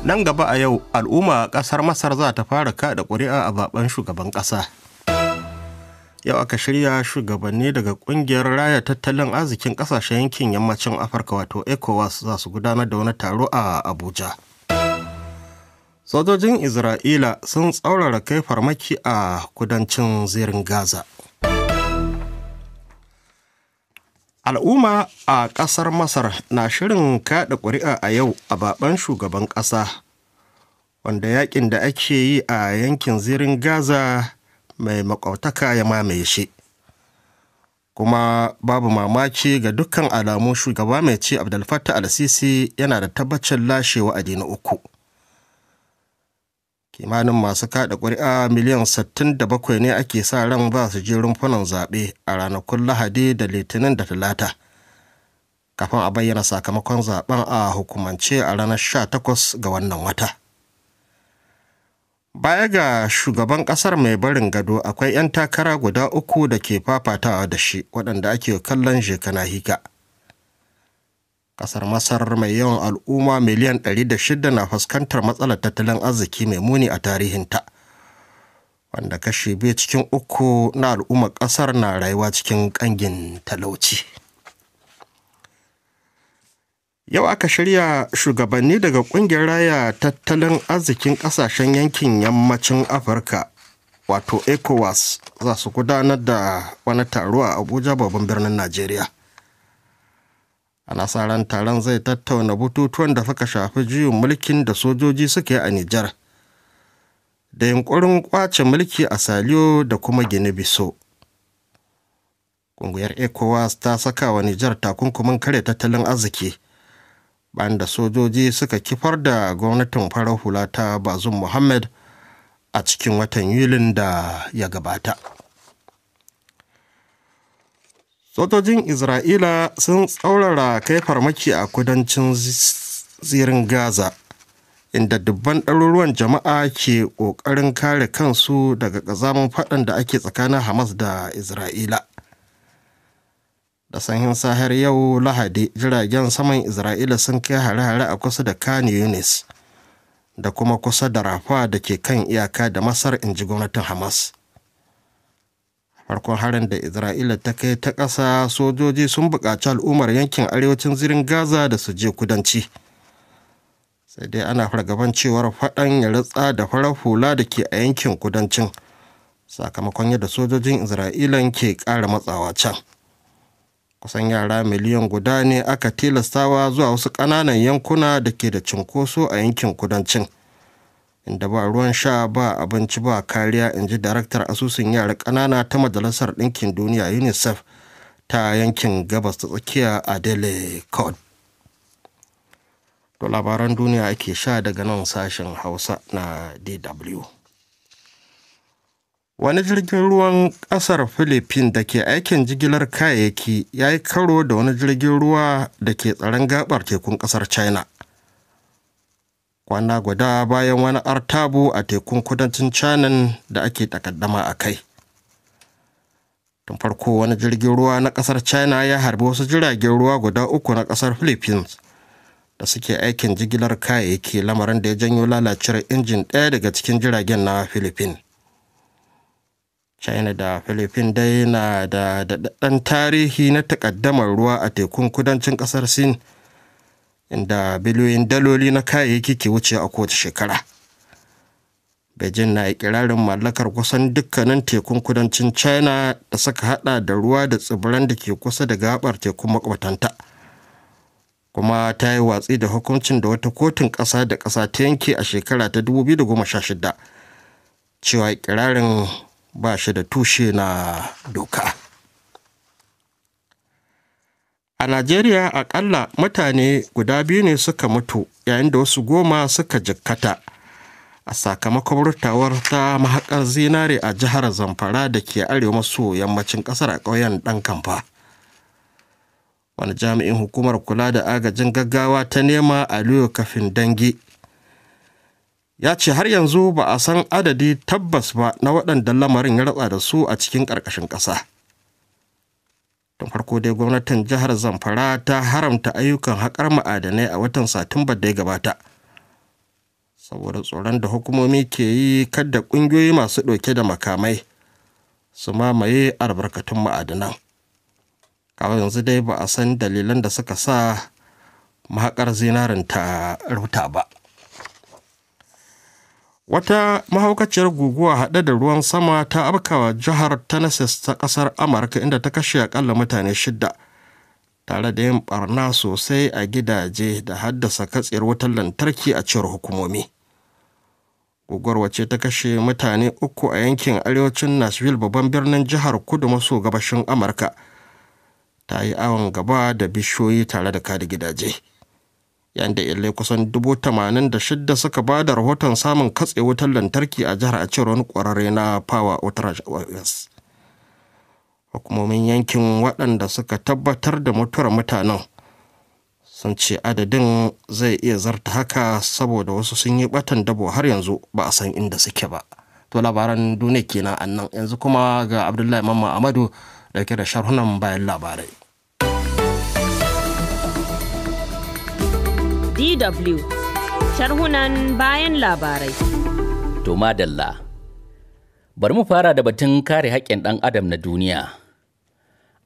nan gaba a yau al'umma a ƙasar masar za ta fara kada ƙuri'a a zaben shugaban ƙasa yau aka shirya shugabanni daga ƙungiyar raya tattalin arzikin ƙasashen yankin yammacin afirka wato ecowas za su gudanar da wani taro a abuja sojojin isra'ila sun tsaurara kai farmaki a kudancin zirin gaza al'umma a ƙasar masar na shirin kaɗa ƙuri'a a yau a baban shugaban ƙasa wanda yakin da ake yi a yankin zirin gaza mai maƙwabtaka ya mamaye shi kuma babu mamaki ga dukkan alamu shugaba mai ci abdulfatta al-sisi yana da tabbacin lashe wa'adi na uku kimanin masu kada ƙuri'a miliyan 67 ne ake sa ran ba su je rumfunan zaɓe a ranakun lahadi da litinin da talata kafin a bayyana sakamakon zaben a hukumance a ranar 18 ga wannan wata baya ga shugaban ƙasar mai barin gado akwai 'yan takara guda uku da ke fafatawa da shi waɗanda ake kallon jekana hika Kasar Masar mai yawan al'umma miliyan 600 na fuskantar matsalar tattalin arziki mai muni a tarihinta. Wanda kashi biyu cikin uku na al'umma kasar na rayuwa cikin kangin talauci. Yau aka shirya shugabanni daga kungiyar raya tattalin arzikin kasashen yankin yammacin Afirka wato ECOWAS za su gudanar da wani taro a Abuja babban birnin Najeriya. A nasarar taron zai tattauna bututuwan da suka shafi juyin mulkin da sojoji suka yi a nijar da yunkurin kwace mulki a saliyo da kuma gini biso ƙungiyar ecowas ta saka wa nijar takunkumin kare tattalin arziki bayan da sojoji suka kifar da gwamnatin farar hula ta bazum muhammad a cikin watan yulin da ya gabata sojojin isra'ila sun tsaurara kai farmaki a kudancin zirin gaza inda dubban ɗaruruwan jama'a ke ƙoƙarin kare kansu daga ƙazamin faɗan da ake tsakanin hamas da isra'ila da sanyin sahar yau lahadi jiragen saman isra'ila sun kai hare-hare a kusa da khan yunis da kuma kusa da rafa da ke kan iyaka da masar in ji gwamnatin hamas farkon harin da isra'ila ta kai ta ƙasa sojoji sun buƙaci al'ummar yankin arewacin zirin gaza da su je kudanci sai dai ana fargaban cewar faɗan ya ratsa da farar hula da ke a yankin kudancin sakamakon yadda sojojin isra'ila ke ƙara matsawa can kusan yara miliyan guda ne aka tilastawa zuwa wasu ƙananan yankuna da ke da cunkoso a yankin kudancin inda ba ruwan sha ba abinci ba kariya in ji daraktar asusun yara ƙanana ta majalisar ɗinkin duniya unicef ta yankin gabas ta tsakiya a dele cod to labaran duniya ake sha daga nan sashen hausa na dw wani jirgin ruwan ƙasar philippines da ke aikin jigilar kayayyaki ya yi karo da wani jirgin ruwa da ke tsaron gabar tekun ƙasar china kwana guda bayan wani artabu a tekun kudancin canan da ake takaddama a kai tun farko wani jirgin ruwa na kasar china ya harbi wasu jiragen ruwa guda uku na kasar philippines da suke aikin jigilar kayayyaki lamarin da ya janyo lalacewar injin ɗaya daga cikin jiragen na philippines china da philippines dai na da daɗaɗɗen tarihi na takaddamar ruwa a tekun kudancin ƙasar sin inda biliyoyin daloli na kayayyaki ke wuce a kowace shekara beijing na ikirarin mallakar kusan dukkanin tekun kudancin china da suka hada da ruwa da tsibiran da ke kusa da gabar tekun makwatanta kuma ta yi watsi da hukuncin da wata kotun ƙasa da ƙasa ta yanke a shekara ta 2016 cewa ikirarin ba shi da tushe na doka. A Najeriya akalla mutane guda biyu ne suka mutu yayin da wasu goma suka jikkata. A sakamakon rutawar ta mahaƙar zinare a jihar Zamfara da ke arewa maso yammacin ƙasar a ƙauyen ɗan kamfa. Wani jami'in hukumar kula da agajin gaggawa ta nema Aliyu Kafin Dangi ya ce har yanzu ba a san adadi tabbas ba na waɗanda lamarin ya ratsa da su a cikin ƙarƙashin ƙasa. Don farko dai gwamnatin jihar zamfara ta haramta ayyukan haƙar ma'adanai a watan satumba da ya gabata saboda tsoron da hukumomi ke yi kadda ƙungiyoyi masu ɗauke da makamai su mamaye albarkatun ma'adanan kawai yanzu dai ba a san dalilan da suka sa mahaƙar zinarin ta ruta ba wata mahaukaciyar guguwa haɗe da ruwan sama ta abkawa jihar tennessee ta ƙasar amurka inda ta kashe aƙalla mutane shida tare da yin ɓarna sosai a gidaje da haddasa katsiyar wutar lantarki a cewar hukumomi guguwar wace ta kashe mutane uku a yankin arewacin nashville babban birnin jihar kudu maso gabashin amurka ta yi awon gaba da bishiyoyi tare da kada gidaje yayin da illai kusan dubu tamanin da shidda suka ba da rahoton samun katse wutar lantarki a jihar a cewar wani kwararre na power outrage os hukumomin yankin waɗanda suka tabbatar da mutuwar mutanen sun ce adadin zai iya zarta haka saboda wasu sun yi batan dabo har yanzu ba a san inda suke ba to labaran duniya kenan annan yanzu kuma ga abdullahi mamma amadu dauke da sharhunan bayan labarai DW sharhunan bayan labarai. To madalla. Bari mu fara da batun kare haƙƙin ɗan adam na duniya.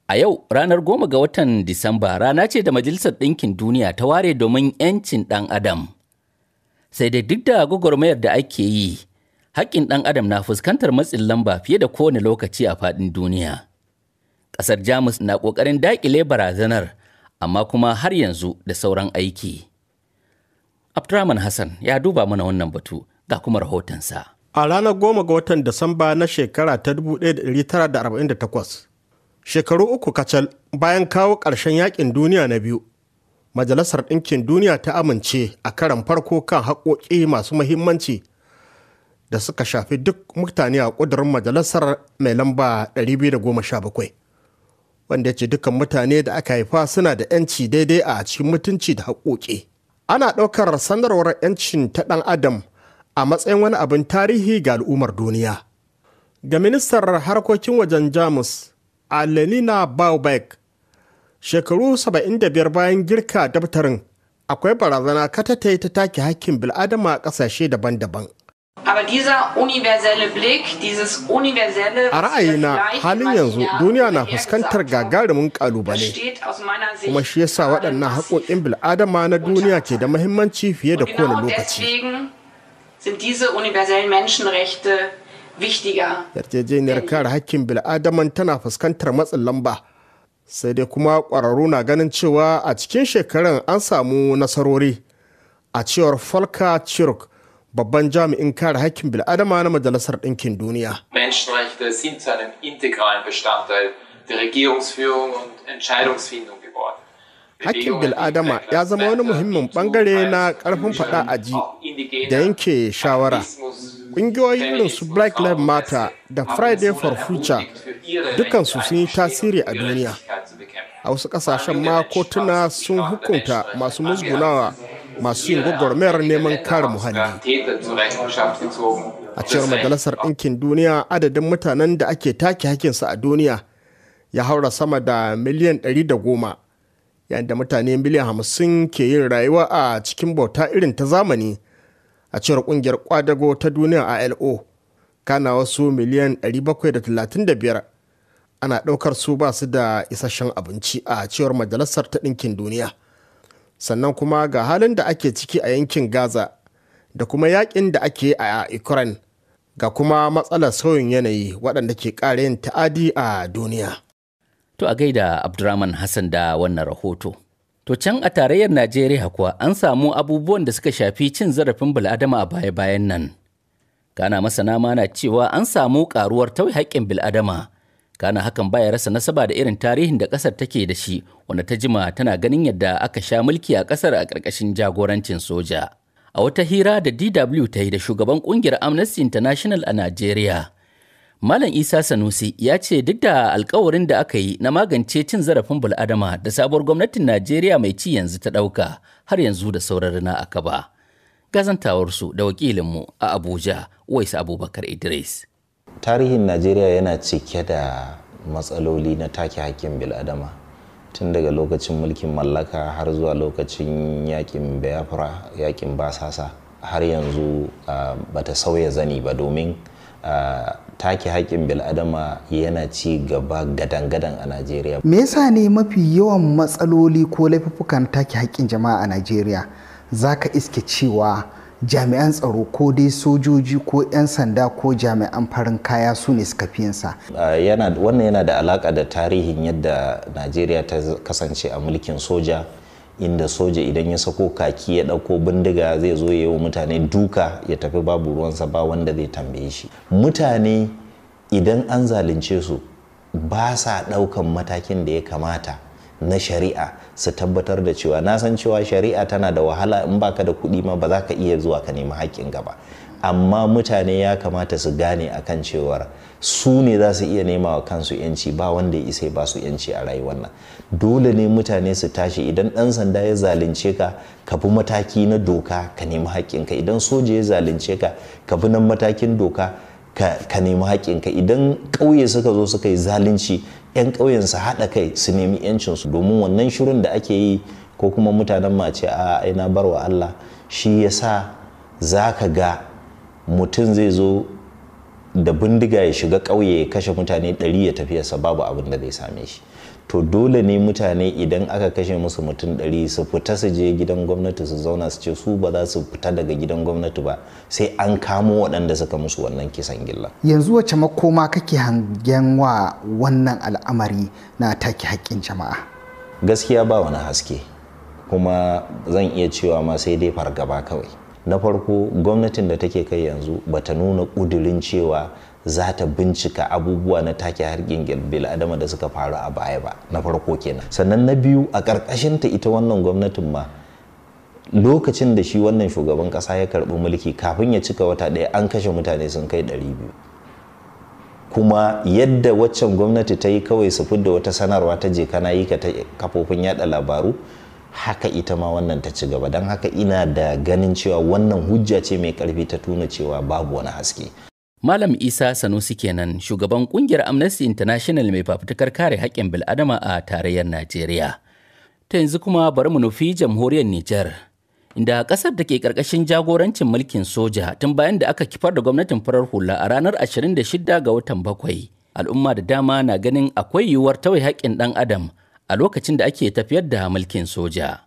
A yau ranar goma ga watan Disamba rana ce da Majalisar Ɗinkin Duniya ta ware domin 'yancin ɗan adam. Sai dai duk da gwagwarmayar da ake yi, haƙƙin ɗan adam na fuskantar matsin lamba fiye da kowane lokaci a faɗin duniya. Ƙasar Jamus na ƙoƙarin daƙile barazanar, amma kuma har yanzu da sauran aiki. Abdurrahman Hassan ya duba mana wannan batu ga kuma rahotonsa. A ranar goma ga watan Disamba na shekara ta 1948, shekaru uku kacal bayan kawo ƙarshen Yaƙin duniya na biyu, Majalisar Ɗinkin Duniya ta amince a karan farko kan haƙoƙi masu muhimmanci da suka shafi duk mutane a ƙudurin majalisar mai lamba 217 wanda ya ce dukkan mutane da aka haifa suna da 'yanci daidai a cikin mutunci da haƙoƙi. ana ɗaukar sanarwar 'yancin ta ɗan adam a matsayin wani abin tarihi ga al'ummar duniya ga ministar harkokin wajen jamus alenina baubek shekaru 75 bayan girka daftarin akwai barazana katatai ta take hakkin bil'adama a ƙasashe daban-daban Aber dieser universelle Blick, A ra'ayina halin yanzu duniya na fuskantar gagarumin kalubale kuma shi yasa waɗannan haƙoƙin bil'adama na duniya ke da mahimmanci fiye da kowane lokaci. Yarjejeniyar kare haƙƙin bil'adaman tana fuskantar matsin lamba sai dai kuma ƙwararru na ganin cewa a cikin shekarun an samu nasarori a cewar Folka Chirk. babban jami'in kare hakkin bil'adama na majalisar ɗinkin duniya. Hakkin bil'adama ya zama wani muhimmin ɓangare na ƙarfin faɗa a ji da yanke shawara. Ƙungiyoyin irin su Black Lives Matter da Friday for Future dukansu sun yi tasiri a duniya. A wasu ƙasashen ma kotuna sun hukunta masu musgunawa masu yin gwagwarmayar neman kare muhalli. A cewar Majalisar Ɗinkin Duniya adadin mutanen da ake take hakinsa a duniya ya haura sama da miliyan 110 yayin da mutane miliyan 50 ke yin rayuwa a cikin bauta irin ta zamani a cewar kungiyar kwadago ta duniya a LO kana wasu miliyan 735 ana ɗaukar su basu da isasshen abinci a cewar Majalisar ta Ɗinkin Duniya. sannan kuma ga halin da ake ciki a yankin gaza da kuma yakin da ake a ukraine ga kuma matsalar sauyin yanayi waɗanda ke ƙara yin ta'adi a duniya to a gaida abdurrahman hassan da wannan rahoto To can a tarayyar Najeriya kuwa an samu abubuwan da suka shafi cin zarafin bil'adama a baya-bayan nan. Kana masana ma na cewa an samu ƙaruwar tauye haƙƙin bil'adama kana hakan baya rasa nasaba da irin tarihin da ƙasar take da shi wanda ta jima tana ganin yadda aka sha mulki a ƙasar a ƙarƙashin jagorancin soja a wata hira da dw ta yi da shugaban ƙungiyar amnesty international a Najeriya, malam isa sanusi ya ce duk da alkawarin da aka yi na magance cin zarafin bul'adama da sabuwar gwamnatin najeriya mai ci yanzu ta ɗauka har yanzu da sauran na aka ba gazantawarsu da wakilinmu a abuja wais abubakar idris tarihin najeriya yana cike da matsaloli na take hakkin biladama tun daga lokacin mulkin mallaka har zuwa lokacin yakin biafra yakin basasa har yanzu bata sauya zani ba domin take haƙƙin biladama yana ci gaba gadan-gadan a najeriya me yasa ne mafi yawan matsaloli ko laifuffukan take haƙƙin jama'a a najeriya ka iske cewa jami'an tsaro ko dai sojoji ko 'yan sanda ko jami'an farin kaya su ne suka fi yinsa. wannan yana da alaka da tarihin yadda najeriya ta kasance a mulkin soja inda soja idan ya sako kaki ya ɗauko bindiga zai zo ya yi wa mutane duka ya tafi babu ruwansa ba wanda zai tambaye shi mutane idan an zalunce su ba sa ɗaukan matakin da ya kamata na shari'a su tabbatar da cewa na san cewa shari'a tana da wahala in baka da kuɗi ma ba za ka iya zuwa ka nemi haƙƙin gaba amma mutane ya kamata su gane akan cewar su ne za su iya nema wa kansu yanci ba wanda ya isai ba su yanci a rayuwar nan dole ne mutane su tashi idan ɗan sanda ya zalunce ka ka bi mataki na doka ka nemi haƙƙinka idan soja ya zalunce ka ka bi nan matakin doka ka nemi haƙƙinka idan ƙauye suka zo suka yi zalunci 'yan ƙauyen haɗa kai su nemi 'yancinsu domin wannan shirin da ake yi ko kuma mutanen mace a aina barwa Allah shi ya sa za ka ga mutum zai zo da bindiga ya shiga ƙauye ya kashe mutane ɗari ya tafi yasa babu abin da zai same shi to dole ne mutane idan aka kashe musu mutum ɗari su fita su je gidan gwamnati su zauna su ce su ba za su fita daga gidan gwamnati ba sai an kamo waɗanda suka musu wannan kisan gilla yanzu wacce makoma kake hangen wa wannan al'amari na take haƙƙin jama'a gaskiya ba wani haske kuma zan iya cewa ma sai dai fargaba kawai na farko gwamnatin da take kai yanzu bata nuna ƙudurin cewa za ta bincika abubuwa na take harkin adama da suka faru a baya ba na farko kenan sannan na biyu a ƙarƙashin ta ita wannan gwamnatin ma lokacin da shi wannan shugaban ƙasa ya karɓi mulki kafin ya cika wata ɗaya an kashe mutane sun kai ɗari biyu kuma yadda waccan gwamnati ta yi kawai su fidda wata sanarwa ta je kana yi ka kafofin yada labaru haka ita ma wannan ta ci gaba don haka ina da ganin cewa wannan hujja ce mai karfi ta tuna cewa babu wani haske Malam Isa Sanusi kenan shugaban kungiyar Amnesty International mai fafutukar kare haƙƙin bil'adama a tarayyar Najeriya. Ta yanzu kuma bari mu nufi jamhuriyar Nijar. Inda ƙasar da ke ƙarƙashin jagorancin mulkin soja tun bayan da aka kifar da gwamnatin farar hula a ranar 26 ga watan bakwai. Al'umma da dama na ganin akwai yiwuwar tawai haƙƙin ɗan adam a lokacin da ake tafiyar da mulkin soja.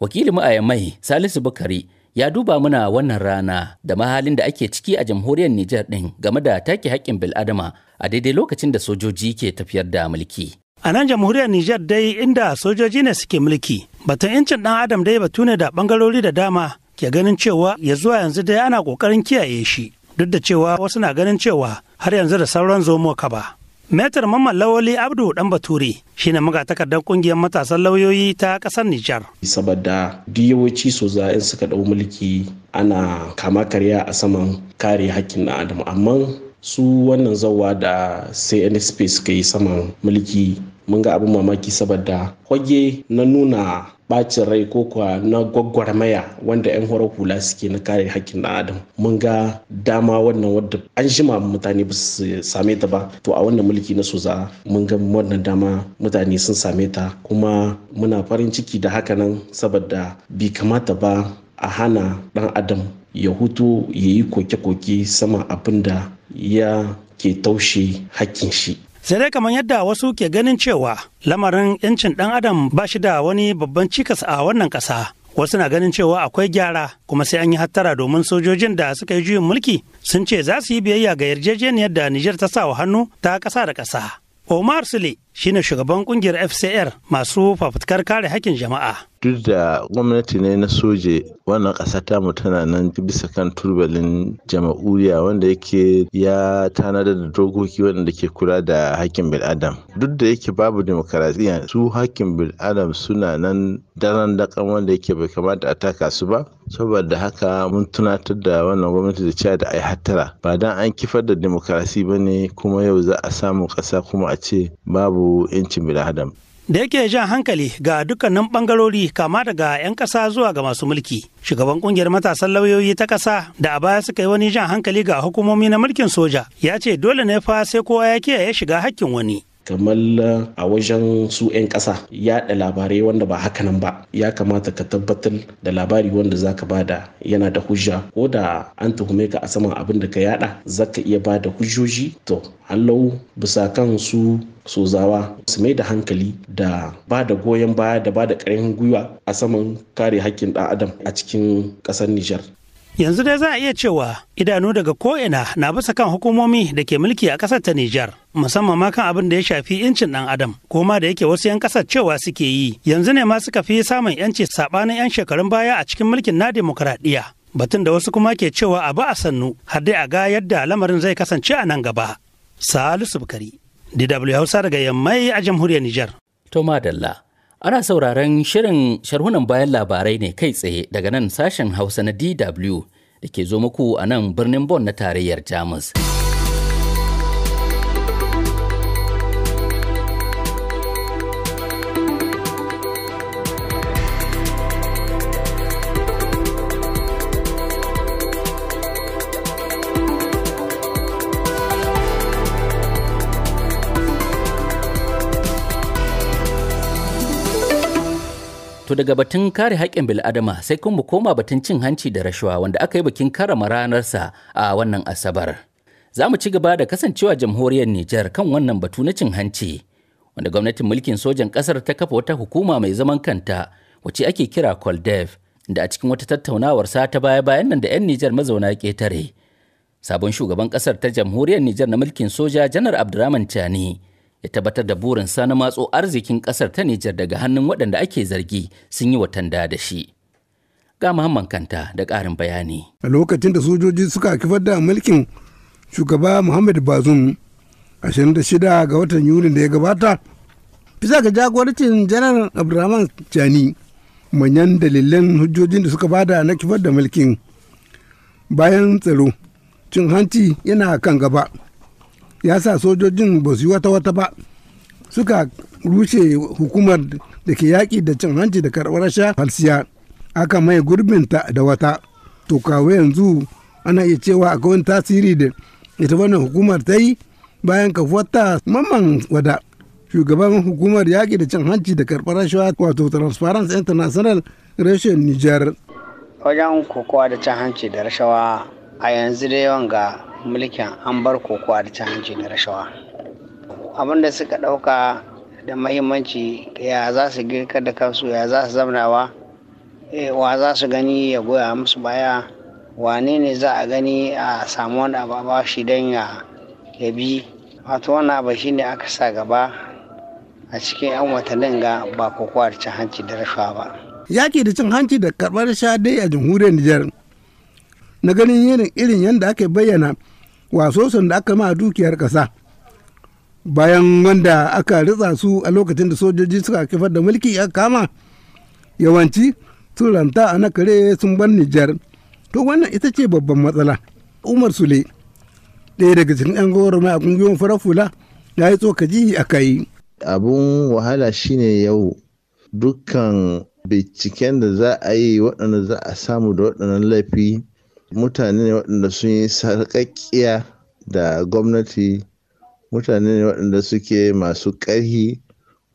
Wakili mu a Yamai Salisu Bukari ya duba muna wannan rana da mahalin da ake ciki a jamhuriyar Nijar ɗin game da take haƙƙin bil'adama a daidai lokacin da sojoji ke tafiyar da mulki. A nan jamhuriyar Nijar dai inda sojoji ne suke mulki, batun incin ɗan Adam dai batu ne da ɓangarori da dama ke ganin cewa ya zuwa yanzu dai ana ƙoƙarin kiyaye shi, duk da cewa wasu na ganin cewa har yanzu da sauran zomo ka ba. Metar Mamman Lawali Abdu Dan Bature shine magatakardar kungiyar matasan lauyoyi ta kasar Nijar. Saboda diyoci so za in suka ɗau mulki ana kama karya a saman kare hakkin na Adam amma su wannan zawa da sai CNSP suka yi saman mulki mun ga abin mamaki saboda hoge na nuna bacin rai ko kuwa na gwagwarmaya wanda 'yan horar hula suke na kare hakkin na adam mun ga dama wannan wadda an jima mutane ba su same ta ba to a wannan mulki na soza mun ga wannan dama mutane sun same ta kuma muna farin ciki da hakanan saboda bi kamata ba a hana dan adam ya hutu ya yi koke-koke sama abin da ya ke taushe hakkin shi sai dai kamar yadda wasu ke ganin cewa lamarin 'yancin ɗan adam ba shi da wani babban cikas a wannan ƙasa wasu na ganin cewa akwai gyara kuma sai an yi hattara domin sojojin da suka yi juyin mulki sun ce za su yi biyayya ga yarjejeniyar da Nijar ta sa wa hannu ta ƙasa da ƙasa. Omar Sule shine shugaban kungiyar fcr masu fafutukar kare hakkin jama'a duk da gwamnati ne na soje wannan ƙasa ta tana nan bisa kan turbalin jama'uriya wanda yake ya tanada da dogoki waɗanda ke kula da hakkin bil'adam duk da yake babu demokaradiyya su hakkin bil'adam suna nan daren daƙan wanda yake bai kamata a taka su ba saboda haka mun tunatar da wannan gwamnati da cewa da ai hattara ba dan an kifar da demokarasi ba ne kuma yau za a samu ƙasa kuma a ce babu incin 'yancin da yake jan hankali ga dukkanin bangarori kama daga 'yan ƙasa zuwa ga masu mulki shugaban kungiyar matasan lauyoyi ta ƙasa da a baya suka yi wani jan hankali ga hukumomi na mulkin soja ya ce dole ne fa sai kowa ya kiyaye shiga hakkin wani kamar eh, a wajen su 'yan ƙasa yaɗa labarai wanda ba haka nan ba ya kamata ka tabbatar da labari wanda za ka bada yana da hujja ko da an tuhume ka a saman abin da ka yaɗa za ka iya da hujjoji to allahu bisa kan su sozawa su mai da hankali da ba da goyon baya da ba da ƙarfin gwiwa a saman kare hakkin ɗan adam a cikin ƙasar Nijar. Yanzu dai za a iya cewa idanu daga ko'ina na bisa kan hukumomi da ke mulki a ƙasar ta Nijar, musamman ma kan abin da ya shafi incin ɗan adam, koma da yake wasu 'yan ƙasar cewa suke yi, yanzu ne ma suka fi samun 'yanci saɓanin 'yan shekarun baya a cikin mulkin na demokuraɗiyya. Batun da wasu kuma ke cewa a ba a sannu, har dai a ga yadda lamarin zai kasance a nan gaba. Salisu Bukari, DW Hausa daga Yammai a jamhuriyar Nijar. To madalla. Ana sauraron shirin sharhunan bayan labarai ne kai tsaye daga nan sashen Hausa na DW da ke zo muku a nan birnin Bonn na tarayyar Jamus. To daga batun kare haƙƙin bil'adama sai mu koma batun cin hanci da rashawa wanda aka yi bikin karama ranarsa a wannan asabar. Za mu ci gaba da kasancewa jamhuriyar Nijar kan wannan batu na cin hanci wanda gwamnatin mulkin sojan ƙasar ta kafa wata hukuma mai zaman kanta wacce ake kira Koldev da a cikin wata tattaunawar sa ta baya-bayan nan da 'yan Nijar mazauna ƙetare. Sabon shugaban ƙasar ta jamhuriyar Nijar na mulkin soja Janar Abdurrahman Chani ya tabbatar da burinsa na matso arzikin kasar ta Nijar daga hannun waɗanda ake zargi sun yi watanda da shi. Ga Muhammad Kanta da ƙarin bayani. A lokacin da sojoji suka kifar da mulkin shugaba Muhammad Bazum 26 ga watan Yuni da ya gabata, bisa ga jagorancin janar Abdurrahman Jani manyan dalilan hujjojin da suka bada na kifar da mulkin bayan tsaro cin hanci yana kan gaba. ya sa sojojin ba su yi wata-wata ba suka rushe hukumar da ke yaƙi da cin hanci da karɓar rasha halsiya aka mai gurbinta da wata to kawo yanzu ana iya cewa a wani tasiri da ita wannan hukumar ta yi bayan kafuwarta mamman wada shugaban hukumar yaƙi da cin hanci da karɓar rashawa wato transparency international reshen niger wajen kokowa da cin hanci da rashawa a yanzu dai wanga mulkin an bar kokowa da ta hanci da rashawa abinda suka ɗauka da mahimmanci ya za su girka da kansu ya za su zamnawa eh, wa za su gani ya goya musu baya wane ne za a gani a samu wani abu ba shi don ya bi wato wani abu shi ne aka sa gaba a cikin 'yan watannin ga ba kokowa da cin hanci da rashawa ba yaki da cin hanci da karɓar sha dai a jamhuriyar nijar na ganin irin irin yadda aka bayyana wasoson da aka ma dukiyar ƙasa bayan wanda aka ritsa su a lokacin da sojoji suka kifar da mulki aka kama yawanci sun ranta a nakare sun bar Nijar. To wannan ita ce babban matsala. Umar Sule, ɗaya daga cikin 'yan gwamnati a kungiyoyin farar fula, ya yi tsokaji a kai. Abun wahala shine yau dukkan binciken da za a yi waɗanda za a samu da waɗannan laifi mutane ne waɗanda sun yi sarƙaƙƙiya da gwamnati mutane ne waɗanda suke masu ƙarhi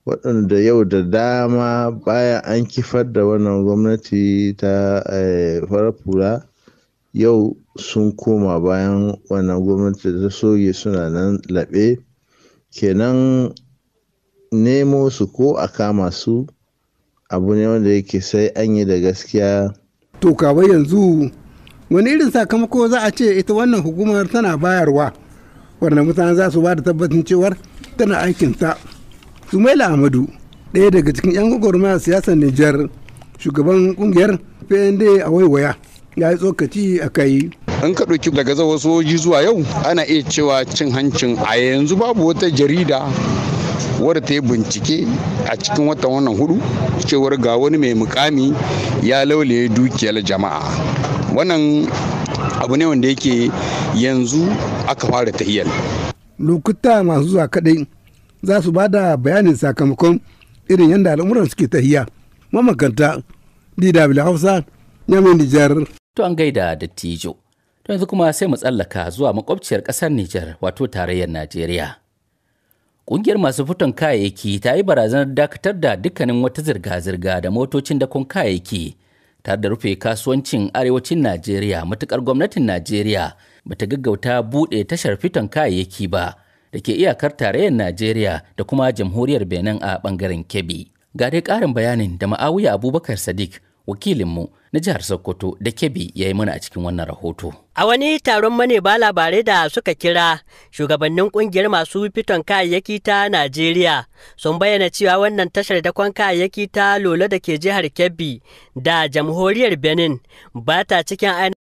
waɗanda yau da dama bayan an kifar da wannan gwamnati ta eh, farafura yau sun koma bayan wannan gwamnati ta soge suna nan laɓe kenan nemo su ko a kama su abu ne wanda yake sai an yi da gaskiya to kawai yanzu wani irin sakamako za a ce ita wannan hukumar tana bayarwa wanda mutane za su ba da tabbacin cewar tana aikin aikinta sumaila amadu ɗaya daga cikin 'yan gwagwarmaya siyasar nijar shugaban kungiyar pnd a waiwaya ya yi tsokaci a kai an ka ɗauki daga zawar soji zuwa yau ana iya cewa cin hancin a yanzu babu wata jarida wadda ta yi bincike a cikin watan wannan hudu cewar ga wani mai mukami ya laulaye dukiyar jama'a wannan abu ne wanda yake yanzu aka fara tahiyar lokuta masu zuwa kadai za su ba da bayanin sakamakon irin yadda al'amuran suke tahiya mamakanta dw hausa yamin nijar to an gaida da tijo to yanzu kuma sai mu tsallaka zuwa makwabciyar kasar nijar wato tarayyar najeriya Ƙungiyar masu fitan kayayyaki ta yi barazanar dakatar da dukkanin wata zirga-zirga da motocin dakon kayayyaki ta da rufe kasuwancin arewacin Najeriya matukar gwamnatin Najeriya ta gaggauta buɗe tashar fiton kayayyaki ba da ke iyakar tarayyar Najeriya da kuma jamhuriyar Benin a bangaren Kebbi. Ga dai ƙarin bayanin da Ma'awiya Abubakar Sadiq wakilinmu na jihar Sokoto da Kebbi ya yi mana a cikin wannan rahoto. A wani taron mane ba labarai da suka kira shugabannin kungiyar masu fiton kayayyaki ta Najeriya sun bayyana cewa wannan tashar dakon kayayyaki ta Lolo da ke jihar Kebbi da jamhuriyar Benin ba ta cikin